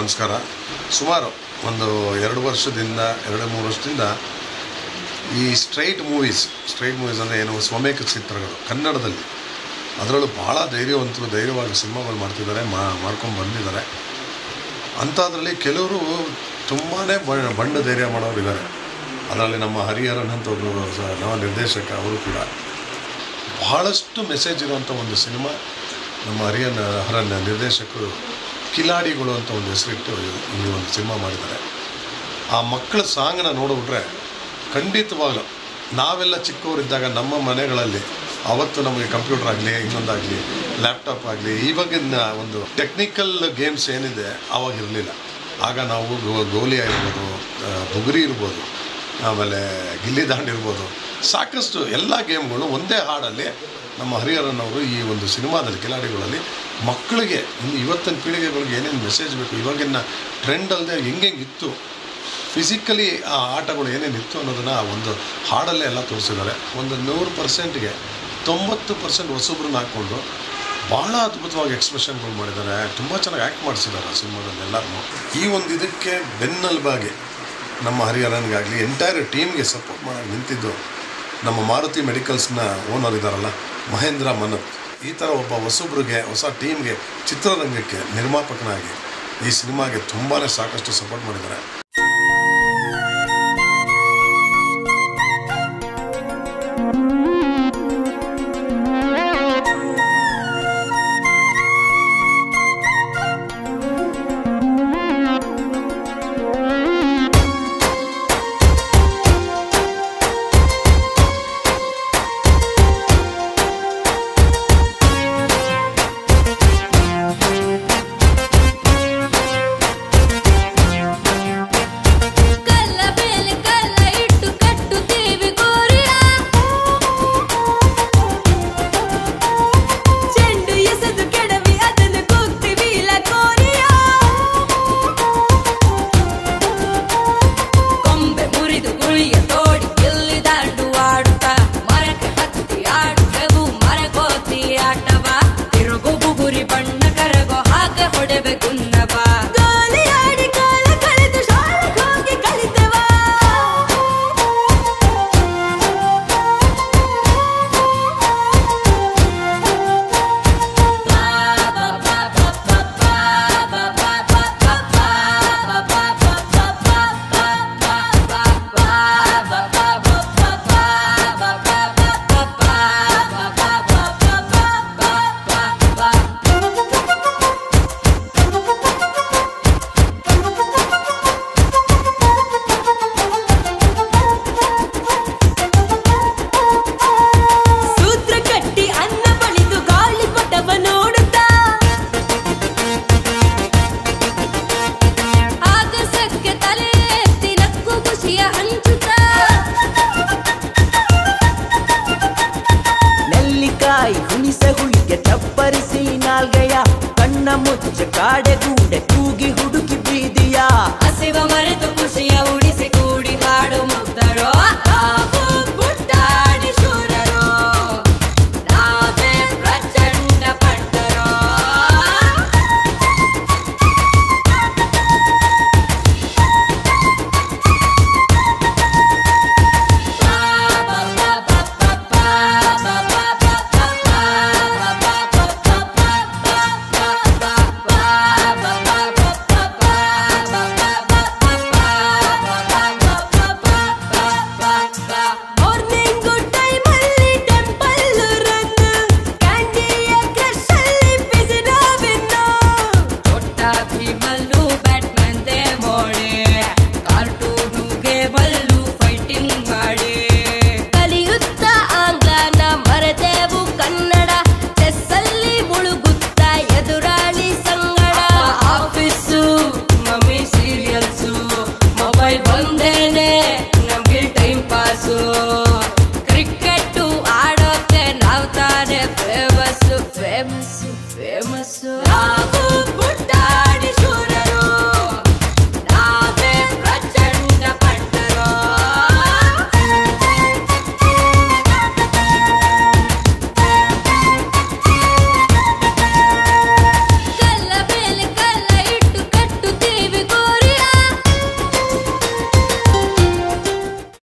ನಮಸ್ಕಾರ ಸುಮಾರು ಒಂದು ಎರಡು ವರ್ಷದಿಂದ ಎರಡು ಮೂರು ವರ್ಷದಿಂದ ಈ ಸ್ಟ್ರೈಟ್ ಮೂವೀಸ್ ಸ್ಟ್ರೈಟ್ ಮೂವೀಸ್ ಅಂದರೆ ಏನು ಸ್ವಮೇಕ ಚಿತ್ರಗಳು ಕನ್ನಡದಲ್ಲಿ ಅದರಲ್ಲೂ ಭಾಳ ಧೈರ್ಯವಂತರು ಧೈರ್ಯವಾಗಿ ಸಿನಿಮಾಗಳು ಮಾಡ್ತಿದ್ದಾರೆ ಮಾಡ್ಕೊಂಡು ಬಂದಿದ್ದಾರೆ ಅಂಥದ್ರಲ್ಲಿ ಕೆಲವರು ತುಂಬಾ ಬಣ್ಣ ಧೈರ್ಯ ಮಾಡೋರು ಅದರಲ್ಲಿ ನಮ್ಮ ಹರಿಹರನ್ ಅಂತ ಒಬ್ಬರು ನವ ನಿರ್ದೇಶಕ ಅವರು ಕೂಡ ಬಹಳಷ್ಟು ಮೆಸೇಜ್ ಇರುವಂಥ ಒಂದು ಸಿನಿಮಾ ನಮ್ಮ ಹರಿಯನ್ ಹರನ್ ನಿರ್ದೇಶಕರು ಕಿಲಾಡಿಗಳು ಅಂತ ಒಂದು ಹೆಸರಿಟ್ಟು ಇಲ್ಲಿ ಒಂದು ಸಿನಿಮಾ ಮಾಡಿದ್ದಾರೆ ಆ ಮಕ್ಕಳ ಸಾಂಗ್ನ ನೋಡಿಬಿಟ್ರೆ ಖಂಡಿತವಾಗಲೂ ನಾವೆಲ್ಲ ಚಿಕ್ಕವರಿದ್ದಾಗ ನಮ್ಮ ಮನೆಗಳಲ್ಲಿ ಅವತ್ತು ನಮಗೆ ಕಂಪ್ಯೂಟರ್ ಆಗಲಿ ಇನ್ನೊಂದಾಗಲಿ ಲ್ಯಾಪ್ಟಾಪ್ ಆಗಲಿ ಇವಾಗಿನ ಒಂದು ಟೆಕ್ನಿಕಲ್ ಗೇಮ್ಸ್ ಏನಿದೆ ಆವಾಗ ಇರಲಿಲ್ಲ ಆಗ ನಾವು ಗೋಲಿ ಇರ್ಬೋದು ಬುಗುರಿ ಇರ್ಬೋದು ಆಮೇಲೆ ಗಿಲ್ಲಿ ದಾಂಡ್ ಇರ್ಬೋದು ಸಾಕಷ್ಟು ಎಲ್ಲ ಗೇಮ್ಗಳು ಒಂದೇ ಹಾಡಲ್ಲಿ ನಮ್ಮ ಹರಿಹರನವರು ಈ ಒಂದು ಸಿನಿಮಾದಲ್ಲಿ ಕಿಲಾಡಿಗಳಲ್ಲಿ ಮಕ್ಕಳಿಗೆ ಇನ್ನು ಇವತ್ತಿನ ಪೀಳಿಗೆಗಳಿಗೆ ಏನೇನು ಮೆಸೇಜ್ ಬೇಕು ಇವಾಗಿನ ಟ್ರೆಂಡ್ ಅಲ್ಲದೆ ಹೆಂಗೆ ಇತ್ತು ಫಿಸಿಕಲಿ ಆ ಆಟಗಳು ಇತ್ತು ಅನ್ನೋದನ್ನು ಒಂದು ಹಾಡಲ್ಲೇ ಎಲ್ಲ ತೋರಿಸಿದ್ದಾರೆ ಒಂದು ನೂರು ಪರ್ಸೆಂಟ್ಗೆ ತೊಂಬತ್ತು ಪರ್ಸೆಂಟ್ ಹೊಸೊಬ್ಬರನ್ನ ಹಾಕ್ಕೊಂಡು ಭಾಳ ಅದ್ಭುತವಾಗಿ ಎಕ್ಸ್ಪ್ರೆಷನ್ಗಳು ಮಾಡಿದ್ದಾರೆ ತುಂಬ ಚೆನ್ನಾಗಿ ಆ್ಯಕ್ಟ್ ಮಾಡಿಸಿದ್ದಾರೆ ಆ ಸಿನಿಮಾದಲ್ಲಿ ಎಲ್ಲರೂ ಈ ಒಂದು ಇದಕ್ಕೆ ಬೆನ್ನಲ್ಬಾಗಿ ನಮ್ಮ ಹರಿಹರನ್ಗಾಗಲಿ ಎಂಟೈರ್ ಟೀಮ್ಗೆ ಸಪೋರ್ಟ್ ಮಾಡಿ ನಿಂತಿದ್ದು ನಮ್ಮ ಮಾರುತಿ ಮೆಡಿಕಲ್ಸ್ನ ಓನರ್ ಇದ್ದಾರಲ್ಲ ಮಹೇಂದ್ರ ಮನತ್ ಈ ಥರ ಒಬ್ಬ ಹೊಸೊಬ್ರಿಗೆ ಹೊಸ ಟೀಮ್ಗೆ ಚಿತ್ರರಂಗಕ್ಕೆ ನಿರ್ಮಾಪಕನಾಗಿ ಈ ಸಿನಿಮಾಗೆ ತುಂಬಾ ಸಾಕಷ್ಟು ಸಪೋರ್ಟ್ ಮಾಡಿದ್ದಾರೆ ಕಣ್ಣ ಮುಚ್ಚ ಕಾಡೆ ಗೂಡೆ ಕೂಗಿ ಹುಡುಕಿ ಬೀದಿಯ ಹಸಿವ ಮರೆತು ಖುಷಿಯ ಉಳಿಸಿ ಕೂಡಿ ಹಾಡು ಮುಗ್ದರೋ